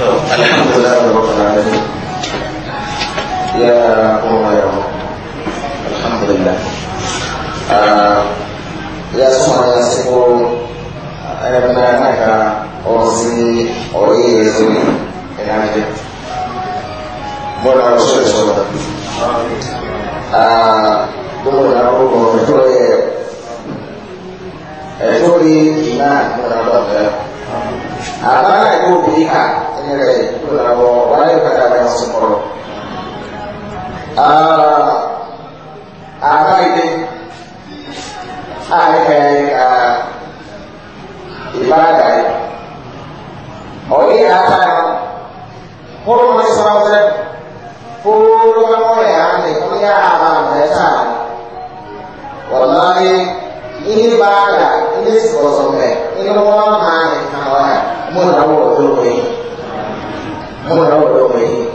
الحمد لله رب العالمين يا قوم يا رب الحمد لله يا سمع يا سكو أنا أنك أوزي أوي يزوني إن عندي بنا رسول صلى الله عليه وسلم بنا رسول صلى الله عليه وسلم ẹ̀fọ́rí ìmáà múra lọ́fẹ̀ẹ́. Àbára ìwò bìíkà nire kulabo wale kada na sumoro ah abaide ahike ah ibada oyi ata horo mai sawazre horo ga mo ya ne ko ya ba me ta wallahi ini ibada ini sawazre ini wa ma ne kan wa mo na wo do ko yi 后来，我就回。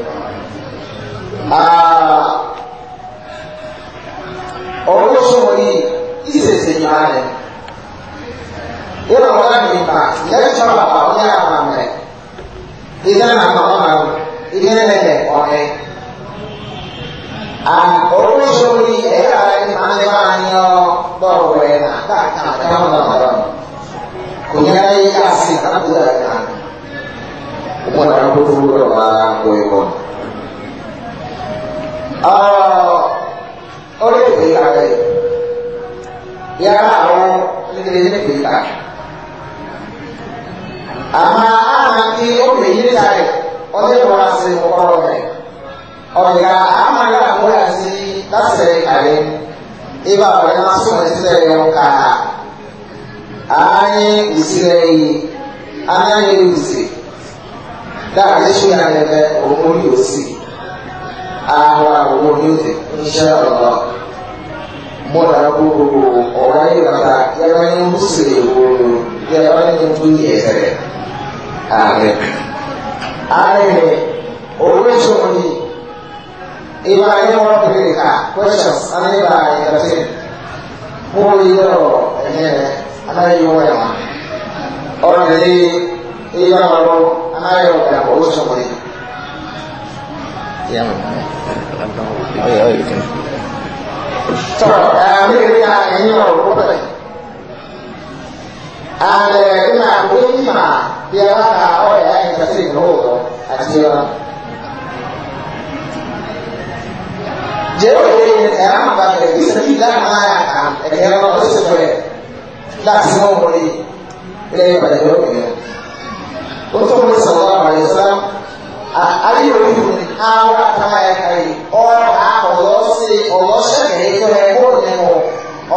mɔna ko ɔra yi mata yaba ni musiri ko yaba ni tu yɛ sɛbɛ aamɛ aamɛ mɛ o bɛ sɔrɔ ni i b'a ye wɔrɔ pere questions ana yi b'a yɛrɛ se mɔgɔ yi yɔrɔ ɛɛ ana yi yɔrɔ yɛ ma ɔrɔ de ye i b'a yɔrɔ ana yi yɔrɔ yɛ ma o bɛ tọ́ ẹ̀ẹ́dẹ́gbẹ́ ya ẹ̀yin ọ̀rọ̀ bẹ̀rẹ̀ ààrẹ ìmọ̀ àgbẹ̀ ìmọ̀ bí ẹ wá ka ọ̀rẹ́ ẹ̀yìn kẹsì ìnáwó àti ẹ̀ jẹ́wọ́ ìdè yẹn ẹ̀rọ àmàbà bẹ̀rẹ̀ bí sẹ́kì dáhùn náà kà ẹ̀kẹ́ ẹ̀rọ ọ̀sẹ̀ bẹ̀rẹ̀ láti mọ̀ wọlé ẹ̀yẹ pẹ̀lẹ́ yọ̀ bẹ̀rẹ̀ ó tó ń sọ̀rọ̀ àwọn ẹ̀sán ayé òkú ni àwọn àtàwọn ẹ̀ka yìí ọ̀rá ọ̀lọ́sẹ̀ ọ̀lọ́sẹ̀kẹ̀ tó yẹ kó ní wọ̀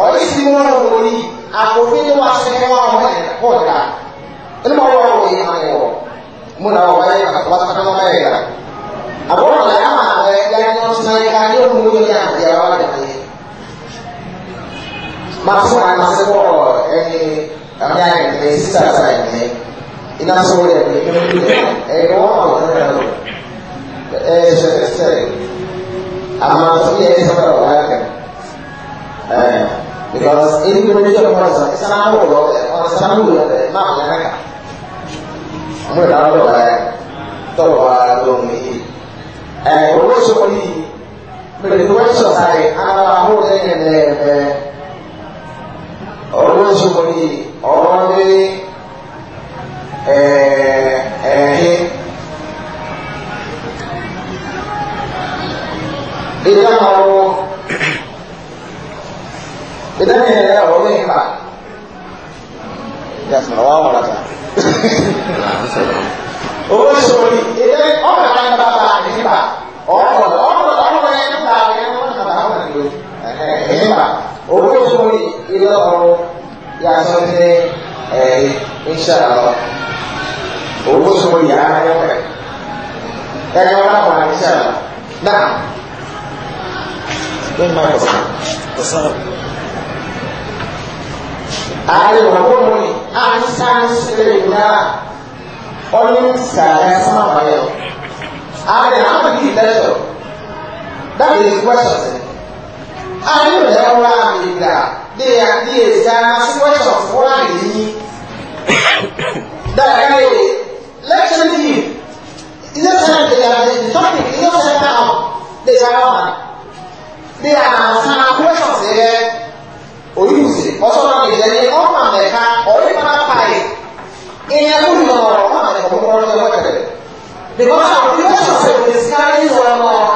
ọ̀rẹ́ sí wọn wò ní àkófin ní wàá sẹ́ wọn àwọn ẹ̀ kó dà ẹni wọn wọ́n wọ̀ yìí máa wọ̀ mo nà wọ́n yẹ kà wọ́n sàkánná wọ́n yẹ kà àbúrò náà yà máa wọ̀ ẹ̀ka ní wọ́n sàn ẹ̀ka iná sọ́rọ̀ ẹ̀ ẹ̀rọ ọ̀tọ̀ ẹ̀rọ ẹ̀ṣẹ̀ṣẹ̀ àmà sí ẹ̀ sábà wà kẹ̀ ẹ̀ because ẹni tó ní ìjọba ọ̀rọ̀ sàn ẹ̀sán náà wọ̀ ọ̀rọ̀ sàn náà wọ̀ ẹ̀ máa yẹn náà kà mú ẹ̀ dáná lọ́wọ́ ẹ̀ tọ́lọ̀ wà lóhùn yìí ẹ̀ owó ìṣòwò yìí pẹ̀lú wọ́n sọ̀ sáré ara àwọn ọ̀rọ̀ ẹ̀ ẹ̀ ẹ̀ owó ìṣòwò yìí ọ̀rọ̀ ní ẹ̀ẹ́hín ìdá máa wọ ìdá ní ẹ̀rẹ́ ọ̀rọ̀ ní ìgbà yàtọ̀ wà wọ̀rọ̀ ta ó sọ̀rọ̀ ìdá mori ya ya kai ya ga wala ba insha Allah na'am dan ma ka sa ka sa ayi wa ko mori an san sirri na onin sa ya sama bayo ayi na ma ki da so that is question ayi da wa mi da they are they are asking questions for me that I lecturing him. It doesn't have they are the topic, it doesn't they are They are some questions there. Eh? Or you see, or someone they can, or even a pie. In a good law, or one they can, or one they can. Because our questions are discouraged or more.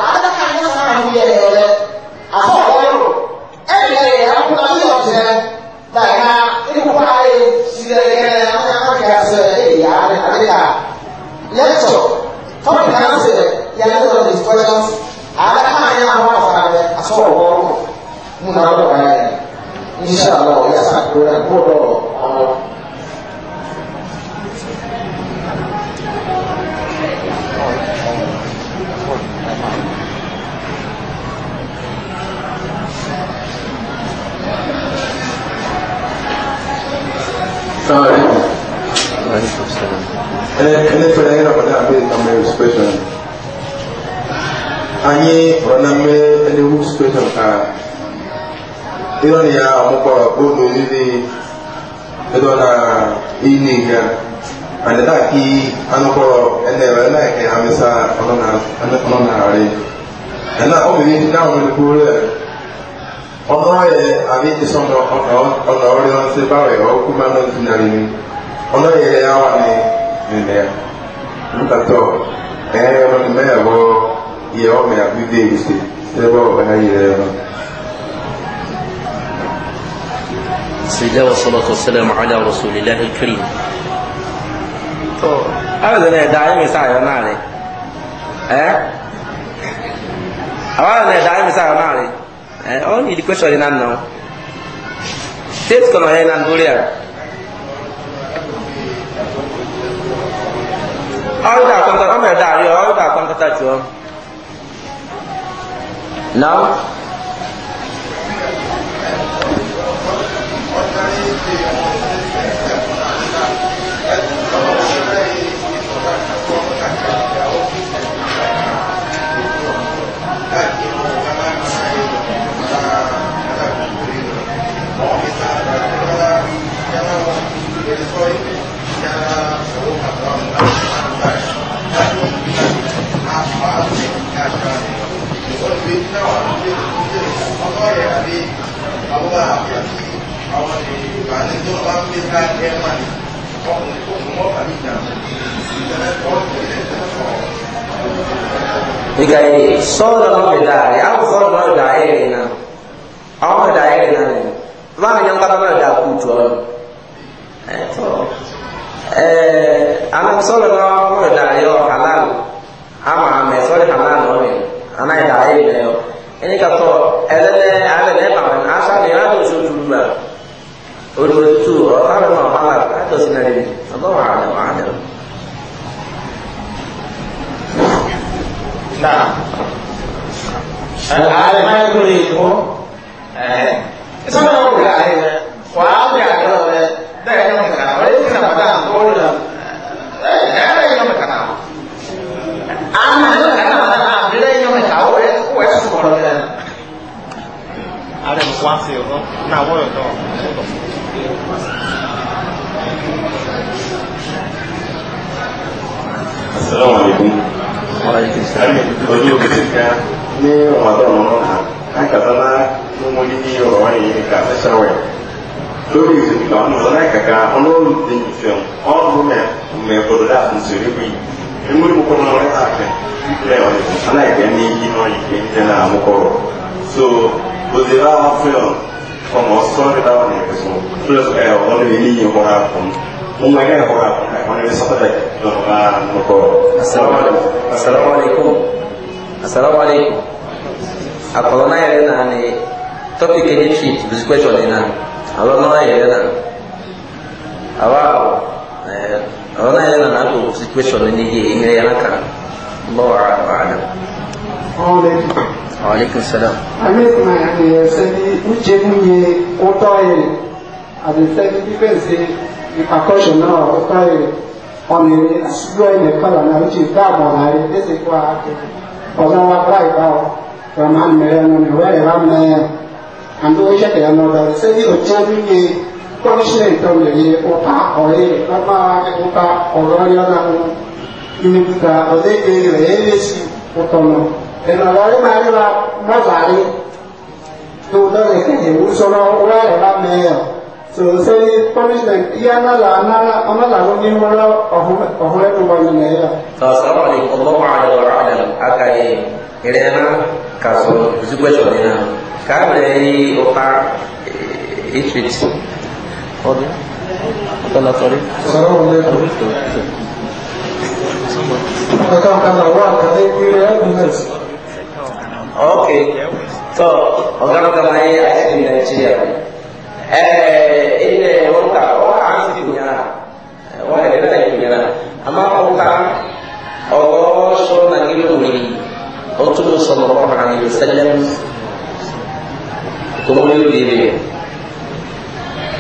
ki anokoro ene ene ke amisa onona onona ari ena o mi ni dawo ni kure ono ye abi ti somo ono ono ori on se bawe o ku ma no dinari ni ono ye ya wa ni ni ne nta to eh ono ni me bo ye o me abi de ise se bo na ye بسم الله والصلاة والسلام على رسول الله الكريم so ara zana da yi misa yo na re eh ara zana da yi misa yo na re eh o ni di question na eh, no test kono he na nduri ara ara da kon kon ara da ri ara da kon ta chuo now Thank you. Dikai sodo no bedare, au sodo no daere na. Au no daere na ne. Ba nyang kata mana da kuto. Eh to. Eh ana sodo no no da yo halal. Ama me sodo halal no ne. Ana daere ne yo. Ini kato elele ale ne ba man asa ne ra do sodo ba. Odo tu, ala no halal, to sinare. Allah wa ala wa ala. نعم العالم ما يقول اسمع نقول عليه وعاطي على كلامه ده كلام كلام وليس كلام ده نقول له هذا يوم كلام أما يوم كلام أنا أعرف لا يوم كلام هو يسوق ولا هذا مقاسي هو نعم هو السلام عليكم ojú kìtì kan ní ọ̀mọ̀dọ́ ọ̀nà àkàtàná ní mo ní ní ọ̀rọ̀ wáyé ní ká fẹsẹ̀ wẹ̀ lórí ìsinmi kan ọ̀nà ọ̀nà ìkàkà ọlọ́run ti ń fẹ́ ọ̀rọ̀ mẹ́ mẹ́ gbọdọ̀ dá àtúnṣe rí bí inú ìmúkọ́ náà rẹ̀ àfẹ́ ìpínlẹ̀ ọ̀nà aláìkẹ́ ní iná ìgbẹ́ jẹ́ náà àmúkọ́rọ̀ so òdì láwọn fẹ́ ọmọ sọ́ọ́rì láwọn ẹ̀kẹ́ sọ fúlẹ̀ وعلى صدرك السلام عليكم السلام عليكم السلام عليكم أقولنا يا لنا أن topic any sheet this question ina e alona e, e ya lena awa eh alona ya lena ko situation ni hii ile yanaka Allahu a'lam Alaikum salam. Amẹ́kùn náà ni ẹ̀sẹ̀ ní ó jẹ́ mú yẹ kó tọ́ ẹ̀ àti ẹ̀sẹ̀ ní fífẹ́ ṣe percussion náà ọ̀pá rẹ̀ ọmọ eré àṣìgbọ́ ilẹ̀ kọ́là náà ti gbá àbọ̀là rẹ̀ lẹ́sẹ̀ kó a ọ̀sán wa kọ́là ìgbà ọ̀ rọ̀mà mẹ́rẹ̀ ẹnu mi wẹ́rẹ̀ wá mẹ́ àti owó ṣẹ̀kẹ̀ ẹnu ọ̀dọ̀ rẹ̀ sẹ́yìn òjá níye kọ́líṣẹ̀ ìtọ́lẹ̀ yẹ ọ̀pá ọ̀rẹ́ rẹ̀ lọ́pá ẹ̀kọ́pá ọ̀rọ̀ yọ̀nà ní gbígbà ọ̀dẹ́ ìgbẹ́ rẹ̀ yẹ́ lé sí ọ̀tọ̀nà ìrànlọ́ rẹ̀ máa rí wa mọ́tàrí tó dọ́lẹ̀ kẹ̀kẹ́ wúsọ́nà wẹ́rẹ̀ wá mẹ́ẹ̀ so say punishment iya na la na ona la go ni wala ohu ohu e to wani na ya ta salamu alaikum allah wa ala wa ala akai irena e, ka so zugwe so ni na ka me ni o e, e, ka it fit odi Salah sorry. Assalamualaikum. Kakak akan awal kata ibu ya benar. Oke. So, orang ramai ayat di Nigeria ile wanka wa ansi kunyana wa ile na kunyana ama wanka ogo so na ngilu ni otu sallallahu alaihi wasallam ko mo yo dile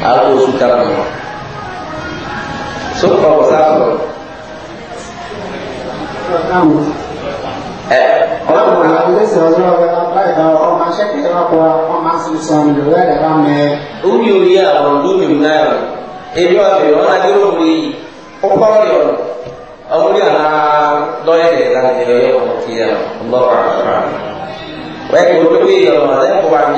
ako so ko ko sa ko eh ọlọ́run àwọn ilé ìsìn ọjọ́ ọ̀gá báyìí náà àwọn iṣẹ́ kẹ̀kẹ́ bá bọ̀ wọ́n máa ń sin sọ ọmọ ìlú ẹ̀rẹ̀ bá mẹ́. ó ní orí àwọn lómi náírà ebi ọbẹ̀ wọn adé ló wọlé yìí ó kọ́ ọ̀rẹ́ ọ̀rọ̀ ọmọ ní àná lọ́yẹ̀ rẹ̀ láti ẹ̀yọ́ ọmọ ti yà lọ́wọ́ àkàrà. wọ́n kò tó bí ọ̀rọ̀ lẹ́kọ̀ọ́ wa ní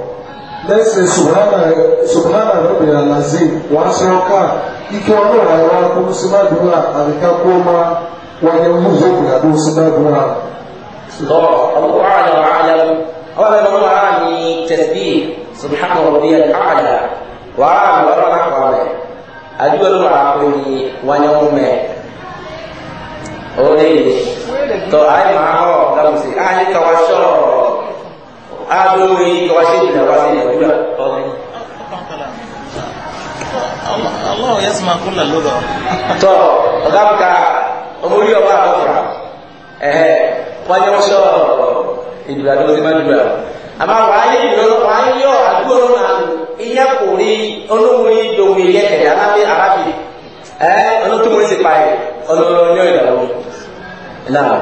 lẹ́sẹ̀ subhana rẹ̀bì alazi wọ́n aṣọ ọkà ike ọlọ́run àwọn akúrú sínádùúrà àríká kó máa wáyé wúzọ ìyàdó sínádùúrà. lọ ọlọ́wọ́ àlọ́ àlọ́ ọlọ́wọ́ àmì tẹ̀sí subhana rẹ̀bì alazi wàá àlọ́ àkọ́ rẹ̀ àdúgbò lọ́wọ́ àkọ́ ni wáyé wúmẹ́ òun lè tọ́ àyè máa ń rọ̀ dáhùn sí àyè kawá ṣọ́ọ̀ agbóhùn ìtọ́wáṣẹ́ ìdàwáṣẹ́ nàìjíríà tọ́lẹ̀. Allah ya sima kula lọ́dọ̀. Tọ́ ọ̀gá mi ka omori ọba àkọ́kọ́ra ẹ̀hẹ́ wọ́n yẹ wọ́n sọ ìdùbà tó ti máa dùbà. Àmọ́ wà á yé ìdùnnú wà á yọ àdúgbò náà iye kò rí olóhùn ìdòwò iye kẹ̀lẹ́ alábẹ́ arábì. Ẹ ọlọ́tún mo ti pa ẹ̀ ọlọ́run ní ọ̀dà wọn. Náà.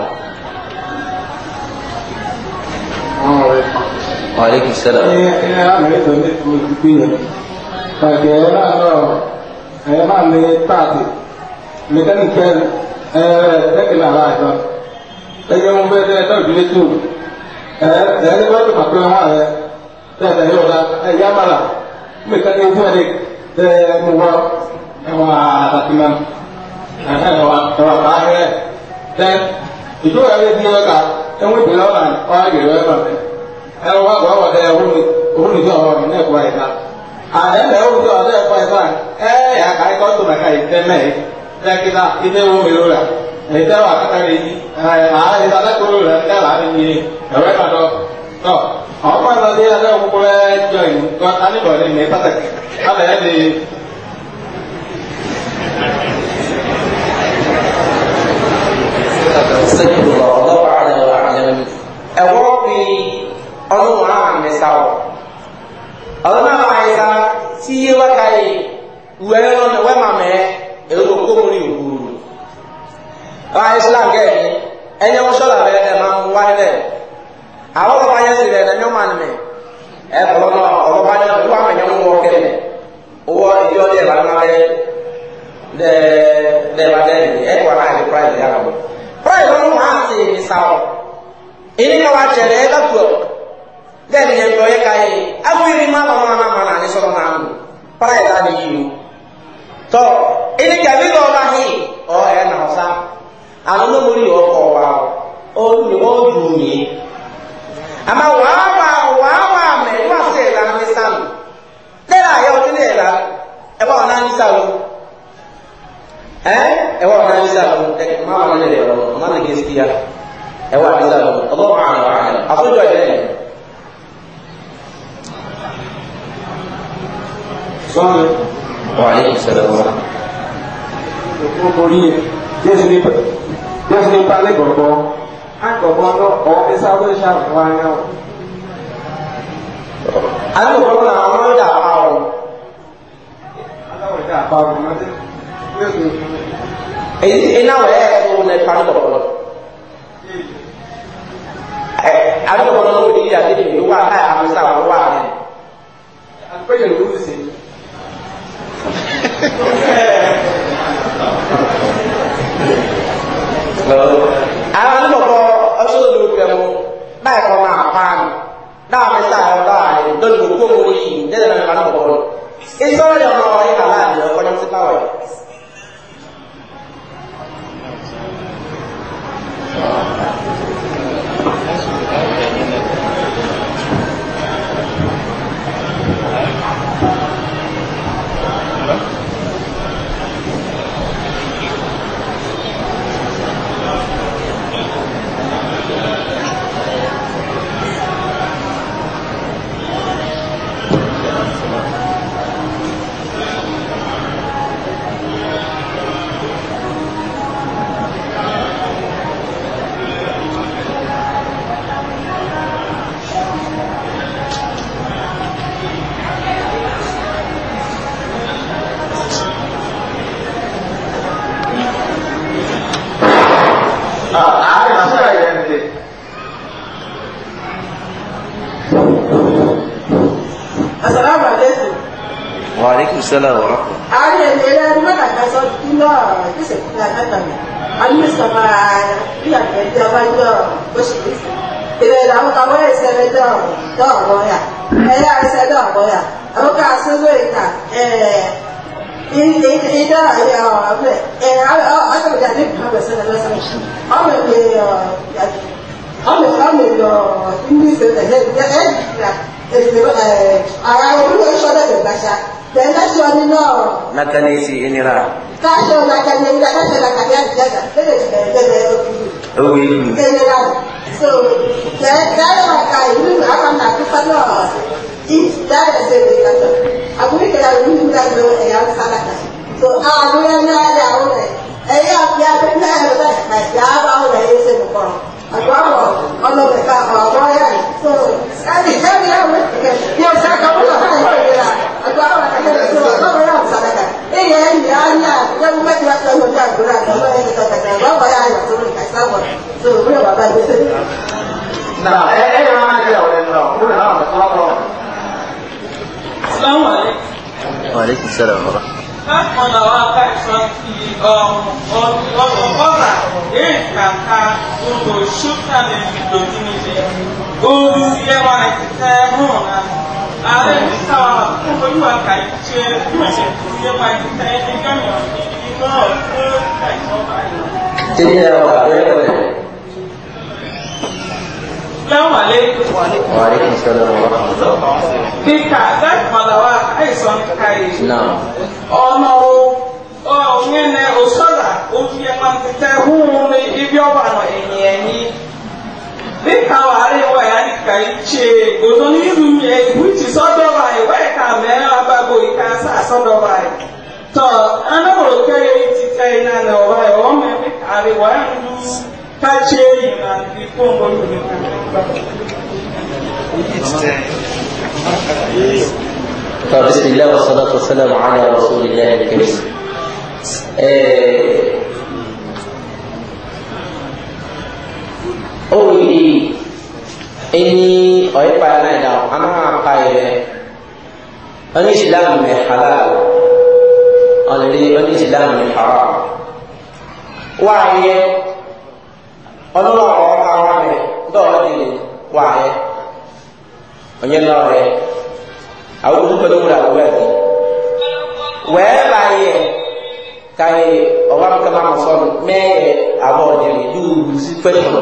Aleykum salam. Ẹ àmẹ́rẹ́sọ ní ìpínlẹ̀. Kàkẹ́ ẹ máa lọ ẹ máa ní táàtì. Mẹkáníkẹ́ ẹ tẹ́kìlá aláìsọ. Ẹ jẹ́ mo bẹ́ẹ̀ tẹ́ lọ́ọ̀dún létí o. Ẹ ẹ ní wọ́n tó pàpẹ́ wọn rẹ̀. Tẹ́lẹ̀ yóò dá ẹ yá màlà. Mẹkáníkẹ́ fún ẹ̀dẹ̀ tẹ́ ẹ mú wá ẹ wá àtàkì mọ́. Ẹ wá ẹ wá bá rẹ̀ tẹ́ ìjọ yà bẹ tiẹ ká ẹmu ìpìlẹ wà ní wà gbèrè wà bà mẹ ẹ wà wà wà ẹ òhun ni òhun ni tí wà wà mí n'ẹkọ ayé ká à ẹ bẹ òhun tí wà ní ẹkọ ayé ká ẹ yà ká ẹkọ tó nà ká yìí tẹ mẹ yìí tẹ kíta ìdẹ wo mi lóra èyí tẹ wà kàkà rẹ yìí ẹ à ẹ sàdá kúrò rẹ ẹ là á mi yìí ẹwẹ ká dọ tọ ọmọ ìlànà yà lẹ òkú jọ astaghfirullah wallahu a'lam wa a'lam ɛwɔ bi ɔno wɔn a mɛsa wɔ ɔno na wɔn ayɛsa ti yie waka yi wɛrɛ no na wɛma mɛ ɛwɔ kó mu ni wò ɔ islam kɛyɛ ni ɛnyɛ wɔn sɔlɔ abɛrɛ dɛ maa mo wáyé dɛ ìlú hàn sí ìmìsà ọ̀ ìní ma wá kyẹ̀rẹ̀ ẹ̀ dàpọ̀ dẹ́ ni yẹn lọ́yẹ̀ ká yẹ awúrẹ́ má lọ́mọ náà má nàní sọ̀rọ̀ náà nù para ẹ̀ dáa nìyí mu tọ́ ìní kẹ̀mí lọ́ bá hì ọ̀ ẹ̀ nà ọ̀sá àwọn ni yọ ọkọ̀ wa ó ní ó dùn mí àmà wàá wà wàá wà mẹ́rin wà sí ẹ̀dá ní sàn dẹ́rẹ́ àyẹ̀ ọdún ní ẹ̀dá ẹ̀ bá wọn náà eh ewa analiza mama wanele yao maana kisikia ewa analiza Allahu a'lam afujwa jeni swali wa alaykum salam wa rahmatullahi Yesu ni Yesu ni pale gogo agogo no o esa wo sha wa na Ano ko na amada awo Ano ko ta pa mo ina wɔ yɛ ɛfo na ɛfa no kɔkɔlɔ ɛ ano kɔkɔlɔ no wɔde yi ade de bi wa a amusa wɔ wa ne akpɛyɛ no wɔn sɛ ano kɔkɔ ɔsɔ do kɛ mo na ɛkɔ ma paa no na amusa wɔ ba ne dɔnni ko mo yi ne yɛrɛ ma no kɔkɔlɔ esɔrɔ yɛ ɔmɔ wɔ yɛ kala yɛ ɔnyɛ ti ba wɔ yɛ. ขอพระ السلام ورحمة ìrẹ̀lẹ̀ àwọn tàbí ìṣẹ̀lẹ̀ dọ̀ọ̀rọ̀ yà ẹ̀yà ìṣẹ̀lẹ̀ dọ̀ọ̀rọ̀ yà àwọn ká sọ́jọ́ ìta ìdá ẹ̀yà ọ̀rẹ́ ẹ̀yà ọ̀ṣọ́gbẹ̀dà ní ìpínlẹ̀ sẹ́lẹ̀ lọ́sọ̀rọ̀ ọmọ ìgbẹ̀ ọmọ ìgbẹ̀ ọmọ ìgbẹ̀ ọmọ ìgbẹ̀ tena swali nao na kanisi inira kasho na kanisa kasho na kanisa jaga tele tele owe tele la so na dai wa kai ni aka na kufa no i dai da tele la aguri kala ni ni da no e ya sala ka so a ni ya na da o ne e ya ya ta na ya ba na ya ba o ne se mo ko agora ono ka ba ya so sai ya ya ya sa ka ba awa kama da kuma ba ba ran sadaka eh ya yi ya na ya mu mai wata wata gura da mai da ta ta ba ba ya ya to ka sabo so mu ba ba na eh eh ma na kira wannan na mu na ma ta ba assalamu alaikum wa alaikum assalam wa rahmatullahi kákan àwọn abáìsàn fi ọgọgọgọgọgà èèkàkà gbogbo ṣúkàlẹ̀ ìdòdì nílẹ̀ orí ẹwà ìtẹ́hùn àti ààrẹ mínísítà wa fún ojú àkà ṣe yúwèsè nípa ìdíta ẹni gánà ìgbọ́ tó dàìsọ́ba yìí. ṣé kí ẹ wà lẹ́yìn rẹ̀? Salamu alaikum. Wa alaikum salam wa rahmatulah. Kíkà láti Màlàwá àìsàn káyé. Ọ̀nà o, ọ̀nyẹ́nẹ̀ òṣàlà, òfin ẹ̀ máa ń tẹ̀ hùwù ní ibi ọ̀bànà ẹ̀yìn ẹ̀yìn dịka wari waya ka ichie godo n'iru ya egwuchi sọdọbai wee ka mee abago ike asa asọdọbai tọ anamụrụ kere itite na na ọwaya ọ mee karị waya ndụ kacha eyi na ndị pombo فبسم الله والصلاة والسلام على رسول الله الكريم. owili eni oyi paya na da ana pa ire oni islam me halal oni oni islam me haram wa ye ọlọ́rọ̀ ọ̀rọ̀ àwọn rẹ̀ dọ́ọ̀rọ̀ ni wà ẹ́ onye lọ́rọ̀ rẹ̀ àwọn olùkọ́ tó wúlò àwọn ẹ̀dẹ̀ wẹ́ẹ́ bá yẹ káyé ọ̀wá mi kama mọ̀ sọ́nù mẹ́ẹ̀ẹ́ àbọ̀ ọ̀dẹ̀ rẹ̀ dùn sí pẹ́ẹ́lú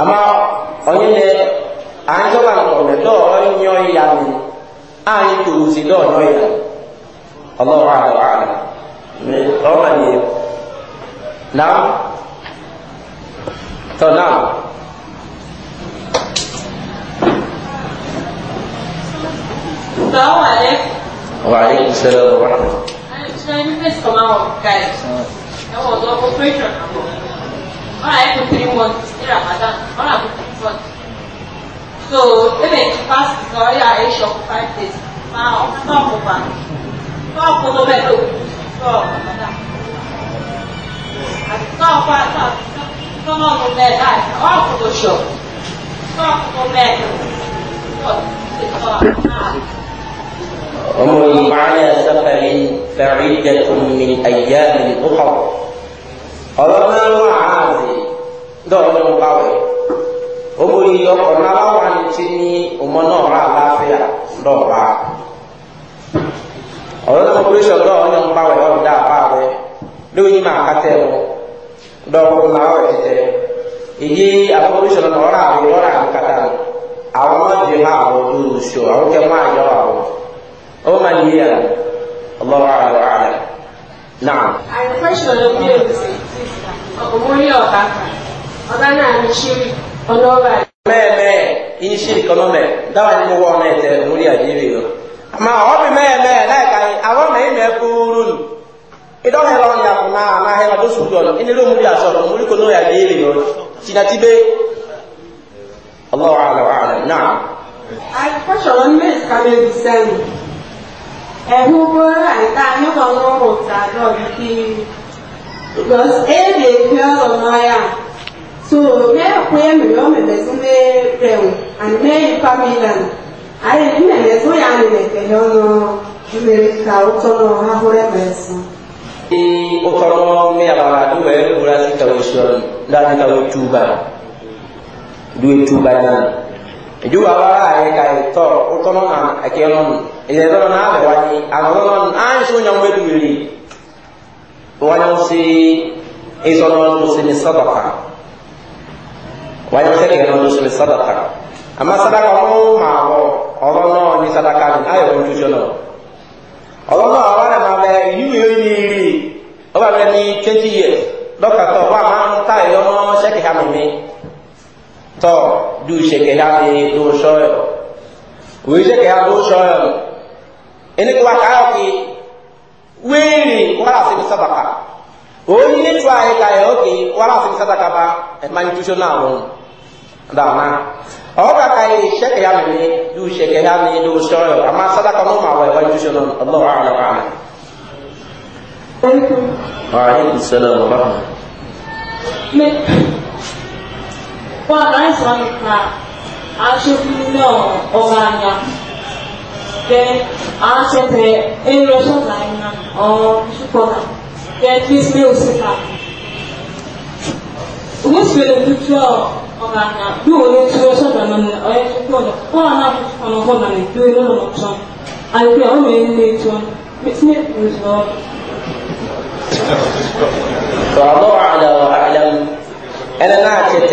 ama ɔnye lɛ anjɔba ŋkɔlɛ dɔɔ ɔnyɔ ya mi anyi towusi dɔɔ nyɔ ya ɔlɔwɔ alɔ ala mɛ ɔma ni yɛ naam tɔ naam. وعليكم السلام ورحمة الله. أنا مش عارف بس كمان وكالة. هو ده operation ọ̀rọ̀ ayé kò three months ní Ramadan ọ̀rọ̀ àgbo three months so ebe ti pass sọ ya ayé shop five days ma ọ̀pọ̀ ma tọ́ọ̀pù tó bẹ́ẹ̀ lò sọ Ramadan àti tọ́ọ̀pù àti tọ́ọ̀pù bẹ́ẹ̀ láì ọ̀pù tó sọ tọ́ọ̀pù tó bẹ́ẹ̀ lò sọ Ramadan. ومن معنى سفر فعدة من أيام أخر ọ̀rọ̀ náà wà áàrẹ dọ́ọ̀nù báwẹ̀ obìnrin yìí ọkọ̀ náà wà ní ti ní ọmọ náà rà láfíà lọ́ọ̀bá ọ̀rọ̀ náà kọ́pọ̀rẹ́sọ̀ dọ́ọ̀nù báwẹ̀ ọ̀dà báwẹ̀ lóyún máa kátẹ́ wọn dọ́ọ̀kọ̀ náà wà tẹ̀tẹ̀ èyí àkọ́pọ̀rẹ́sọ̀ náà ọ̀rọ̀ àwọn ọ̀rọ̀ àwọn kàtà àwọn ọ̀dẹ̀ máa wọ lóṣù àwọn kẹ máa yọ àwọn ọmọ màlìyà ọlọ́wọ́ àlọ́ àlẹ́ náà. àìkọ́ṣọ̀ ló bí èsì ọ̀gbọ̀nmọ́lé ọ̀tá ọ̀tá náà ní ṣírí ọ̀nà ọba. mẹ́ẹ̀mẹ́ yìí ṣírí kan náà mẹ́ dáwà ní mo wọ́ ọmọ ẹ̀tẹ̀ òmùrí àdéhùn yìí àmà ọ̀bí mẹ́ẹ̀mẹ́ láìka àwọn mẹ́ẹ̀ mẹ́ẹ̀ kúrú nù idɔn hɛrɛ wani yàgò náà àná hɛrɛ tó sùn jɔlɔ ɛni lóhùn yà sɔrɔ mú ní ko n'o yà déhùn yìí lọ tìǹtì bẹ́ẹ̀ ọlọ́wọ́ àlọ́ àlọ́ náà. àìkọ́sọ̀rọ̀ ní mẹ́rin kàmẹ́rin sẹ́yìn ẹ̀hún bó rà ní ká ní ọ̀nà ọ̀rọ̀ tàdọ̀ bíi because ẹ lè fi ọ̀rọ̀ mọ́ ya so mẹ́ẹ̀ kó ẹ mẹ́ẹ̀ mẹ́ẹ̀ tó and rẹ̀ family and mẹ́ẹ̀ ipa mi là nù ayé ní mẹ́ẹ̀ tó yà ni mẹ́ẹ̀ kẹ̀lẹ́ ọ̀nà mẹ́ẹ̀ ká ó tọ́nà ahọ́rẹ́ mẹ́ẹ̀ sùn. ee o tɔrɔ mɛ ababa do ɛ wulasi tawo sɔrɔ lati tawo tuba do ye tuba naa edu baba ayɛ ka yi tɔrɔ o tɔnɔ na ɛkɛ lɔnu ɛdɛ tɔnɔ n'a bɛ wani a nɔnɔ an so nyɔnu bɛ tuuri wayan si isono muslimi sadaqa wayan sere gano muslimi sadaqa amma sadaqa mo ma ho orono ni sadaqa ni ayo on tujono orono awara ma be yu yo ni ri o ba ni 20 years doka to wa ma n ta yo mo sheke ha mi to du sheke ha mi do shoyo we sheke ha do shoyo ene ko wa ka ki weere wala sebe sadaka oni ne tura ye ka ye ok wala sebe sadaka ba ɛ ma institution na wɔn daana ɔ ka ka ye sɛkɛ ya mɛmɛ du sɛkɛ ya mɛmɛ du sɔrɔ a ma sadaka n'o ma wɔ ɛ ma institution na ɔlɔ wa ala wa ala. waaleykum salaam wa rahmatulah. mɛ wa an sɔrɔ mi ka a se funu náà ɔba ɲa que then answer the in Russian line or Shukona. Then please may also come. Which will the future of Anna? Do you need to Russian line or Shukona? Or another on a woman? Do you know an option? I will only need to make me resolve. فالله أعلم أعلم أنا نعتت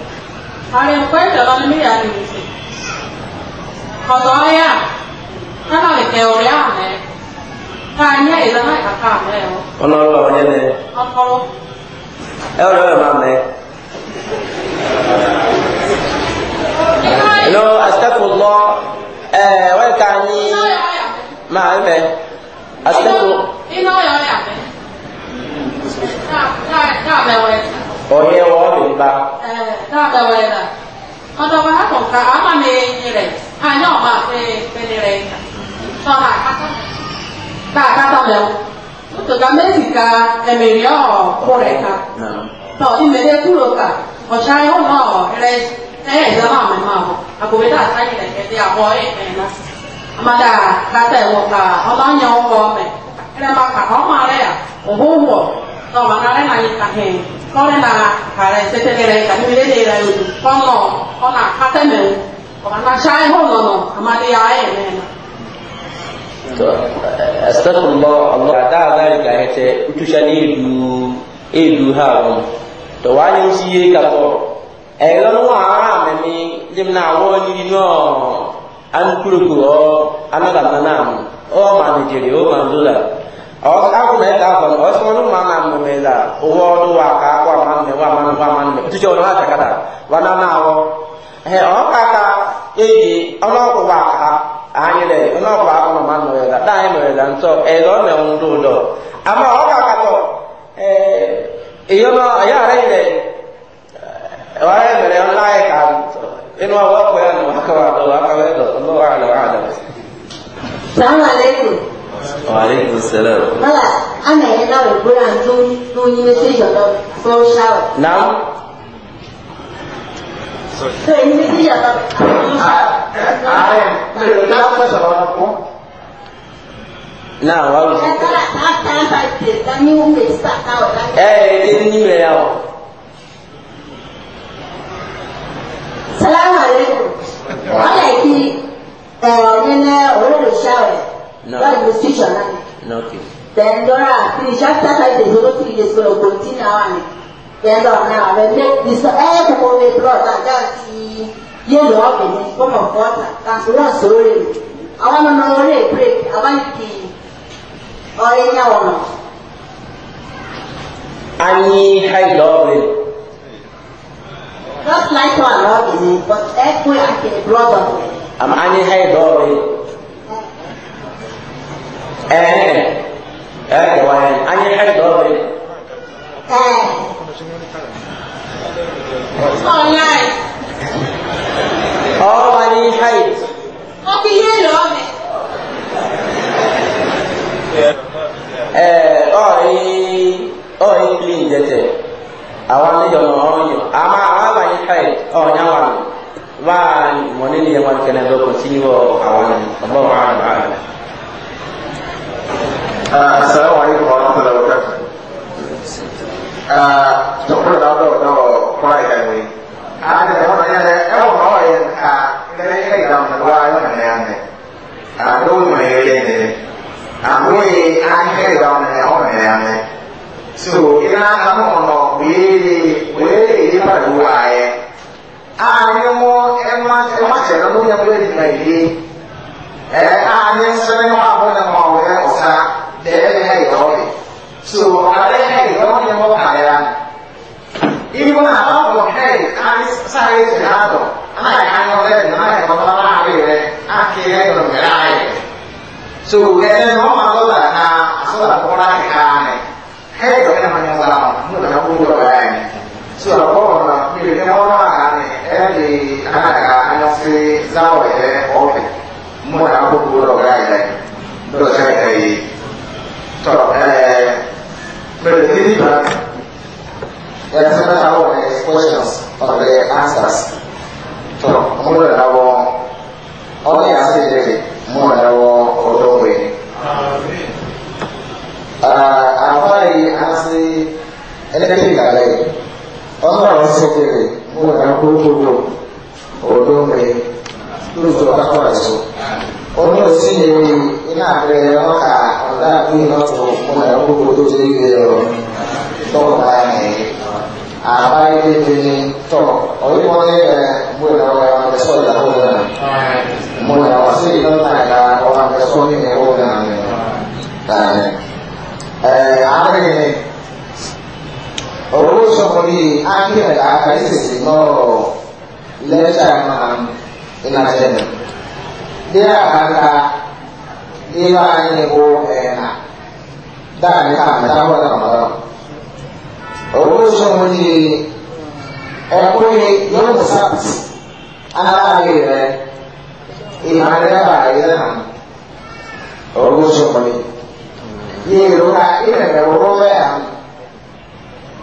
Hari kwenda la nimi ya nisi. Kanya ila na kaka ne. Ono ro wa ne. Akoro. E ro ro onye wa ọ dị mba na-adawere ọdọba ha tọka ama m enyere anyị ọma menyere tọha ka akata mewu otoka mmezi ka emeri ọ kwụrụ ka tọ imere kwuru ka ọchara ụlọ ọ re ẹ̀ẹ́dá máa mẹ́ máa bọ̀ àgbòmídà sáyẹn ẹ̀ẹ́dẹ́ àbọ̀ ẹ̀ẹ́ náà amada kata ẹ̀wọ̀ ka ọba ń yan ọkọ ọmọ ẹ̀ ẹ̀rẹ́ máa kà ọmọ rẹ̀ ọ̀hún wọ̀ တော့မနာလဲနိုင်တာဟင်ကောလဲနာခါရဲတက်တက်ကြဲကမိလေးတွေလည်းကောင်းတော့ကောင်းတာခါတဲ့မယ်ဘာမှရှိုင်းဟုတ်တော့အမတရားရဲ့မယ် astagfirullah allah ta zalika hete utushani du edu ha won to wa ni si ye ka to e lo wa ara me mi jimna wo ni no an kuru ko ana ga na na o ma ni jere o ma zula akumɛta kɔni ɔsɔnu mana mɛla wɔɔdu wa ka kɔ a ma mɛ wa ma mɛ wa ma mɛ tutsɛ wɔn n'a takata wa n'a na wɔ ɛ ɔkaka eyi ɔlɔku wa ka anyi lɛ ɔlɔku wa kɔnɔ ma mɛ la da yɛ mɛ la ntɔ ɛlɔ mɛ ŋu do dɔ ama ɔkaka tɔ ɛɛ eyɔnɔ ɛyɛ ara yi lɛ ɔyɛ mɛ lɛ ɔna yɛ ka inu awɔ kɔ ya nu akaba dɔ akaba yɛ dɔ wa lɛ Wàhálẹ́kùn sẹ́lẹ̀ rẹ̀. Bọ́lá, a mẹ̀yẹ náà rẹ̀ bóra tó tó yí mẹ́sẹ̀jì ọ̀dọ́ fún ṣáwà. Náà. Tó yí mẹ́sẹ̀jì ọ̀dọ́ fún ṣáwà. Ààrẹ ah, ah, eh, eh, eh, pẹ̀lú náà fẹsẹ̀ wọn kọ́. Náà wà lọ. Ẹ ẹ ti ní mẹ ya o. Salamu alaikum. Wọ́n yẹ kí ẹ̀rọ nínú olóòṣà rẹ̀. No. That is restriction, right? No, okay. Then Dora finish after five days, over three days, go continue on. Then Dora now, when they this air to over the blood, that that's the yellow up in it, form of water, that's one story. I want to know where break, I want to or in our one. Any high level. Just like one, but every I can brother. I'm any high level ɛɛ ɛɛ gawa yɛ an ye hɛri dɔ bɛ yen. ɔnlayi. ɔba ni hɛri. ɔbi yɛ lɔ mɛ. ɛɛ ɔyi ɔyi kili in jɛtɛ àwọn ní yọ̀nà ọ̀rọ̀ yìí àmà àwọn àbáyé hɛri ɔnyá wà ní wàá mọ̀ nínú yẹn wọn kẹ́lẹ́ dọ́kọ̀ sí wọ àwọn ọ̀bọ̀n wà ní àná. السلام عليكم ورحمة الله وبركاته دكتور دعوة دعوة قرأي كايوي أنا Ya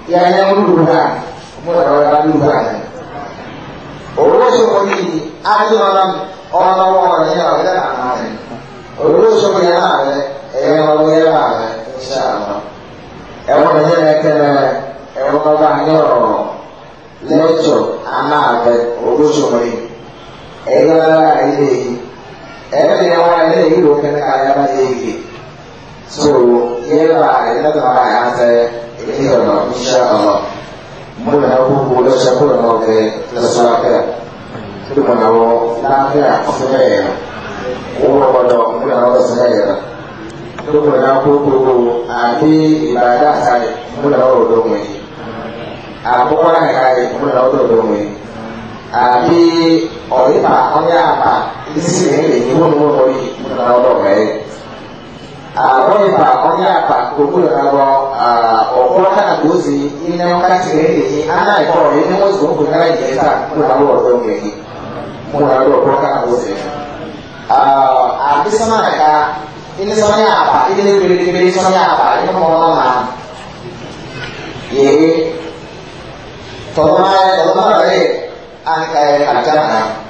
yaya wuluha mura wala wuluha ne olùwòsàn wọn yìí adéwàlá ọmọ wọn ní ọ̀rọ̀ yẹn náà náà rẹ olùwòsàn wọn yẹn náà rẹ ẹ̀yẹ wọn yẹn náà rẹ ṣe àná ẹ̀wọ̀n ni yẹn kẹlẹ ẹ̀wọ̀n ọba ní ọ̀rọ̀ lẹ́tọ̀ àná rẹ ni wọn yìí ẹ̀yẹ wọn náà rẹ ilé yìí ẹ̀yẹ ní ẹ̀wọ̀n rẹ ilé yìí ló kẹ́ni ká yẹn náà yẹ yìí so yẹn náà rẹ yẹn náà rẹ àtẹ ni'ima insha Allah muna huku na shakura na oge na saka kuma na wo na ga afuna yana kuma ba da muna na da sana yana kuma na huku a orang ibada sai muna na wo do mu a kuma na isi ne ne ni wo mu wo yi muna bɔliba ɔne apa kpokpolo nabɔ ɔkura kana gozi ina kati ne yi ana ɛkɔ ina mo zi kpokpolo nara yi ɛta kpokpolo nabɔ ɔdɔ mu yi mo na do ɔkura kana gozi abisama naka ina sɔn ya apa ina ne kpere kpere sɔn ya apa ina mo ɔno na yeye tɔnɔ ayɛ tɔnɔ ayɛ anka yɛ alikana na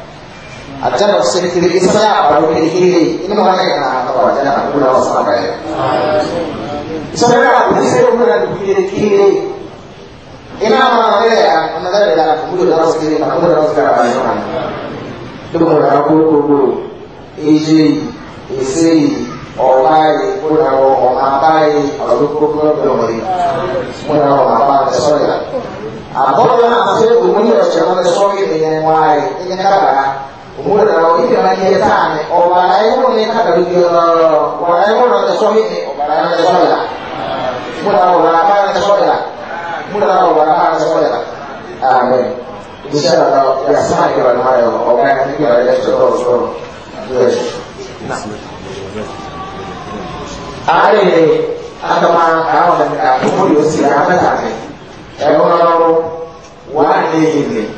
aljanna su sai kiri isa ya faru kiri kiri in ma ne na ka ba aljanna ka kula wasu ba kai so da ka ku sai ku na kiri kiri ina ma ne ya na da da ku da wasu kiri ka ku da wasu ka ba ne duk mu da ku ku ku eje ese ọba yi kó na wọ ọba ba yi ọdún kókó lọ́dọ̀ wọlé kó na wọ ọba ba sọ yà àbọ̀dọ̀ náà fẹ́ òun ní ọ̀sẹ̀ wọn sọ yìí ẹ̀yẹ wọn ayé ẹ̀yẹ kábàá umur rawi kana ye sane o warai mo ne ka garu yo warai mo na sohi ne o warai na sohi la mura o wara ma na sohi la mura o wara ma na sohi la amen insyaallah ya sane ke wal mayo o ka ni ke wal so so yes na are adama kawo da ka ko yo si amata ne e wona wa ne ne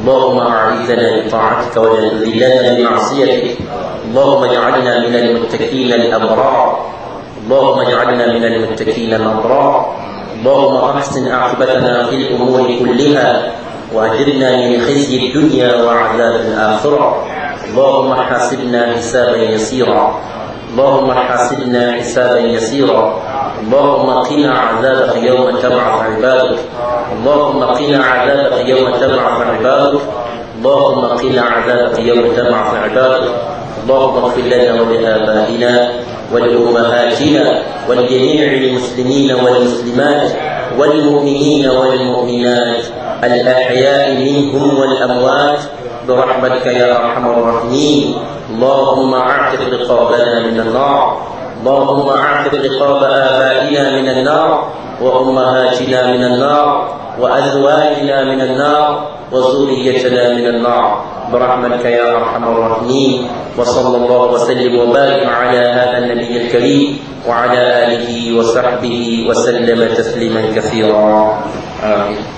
اللهم اعذنا بطاعتك وذلنا بمعصيتك اللهم اجعلنا من المتكين الأبرار اللهم اجعلنا من المتكين الأبرار اللهم أحسن عاقبتنا في الأمور كلها وأجرنا من خزي الدنيا وعذاب الآخرة اللهم حاسبنا حسابا يسيرا اللهم حاسبنا حسابا يسيرا اللهم قنا عذابك يوم تبعث عبادك اللهم قنا عذابك يوم تبعث عبادك اللهم قنا عذابك يوم تبعث عبادك اللهم اغفر لنا ولآبائنا ولأمهاتنا ولجميع المسلمين والمسلمات والمؤمنين والمؤمنات الأحياء منهم والأموات برحمتك يا أرحم الراحمين اللهم أعتق رقابنا من النار اللهم أعتق رقاب آبائنا من النار وأمهاتنا من النار وأزواجنا من النار وذريتنا من النار برحمتك يا أرحم الراحمين وصلى الله وسلم وبارك على هذا النبي الكريم وعلى آله وصحبه وسلم تسليما كثيرا آمين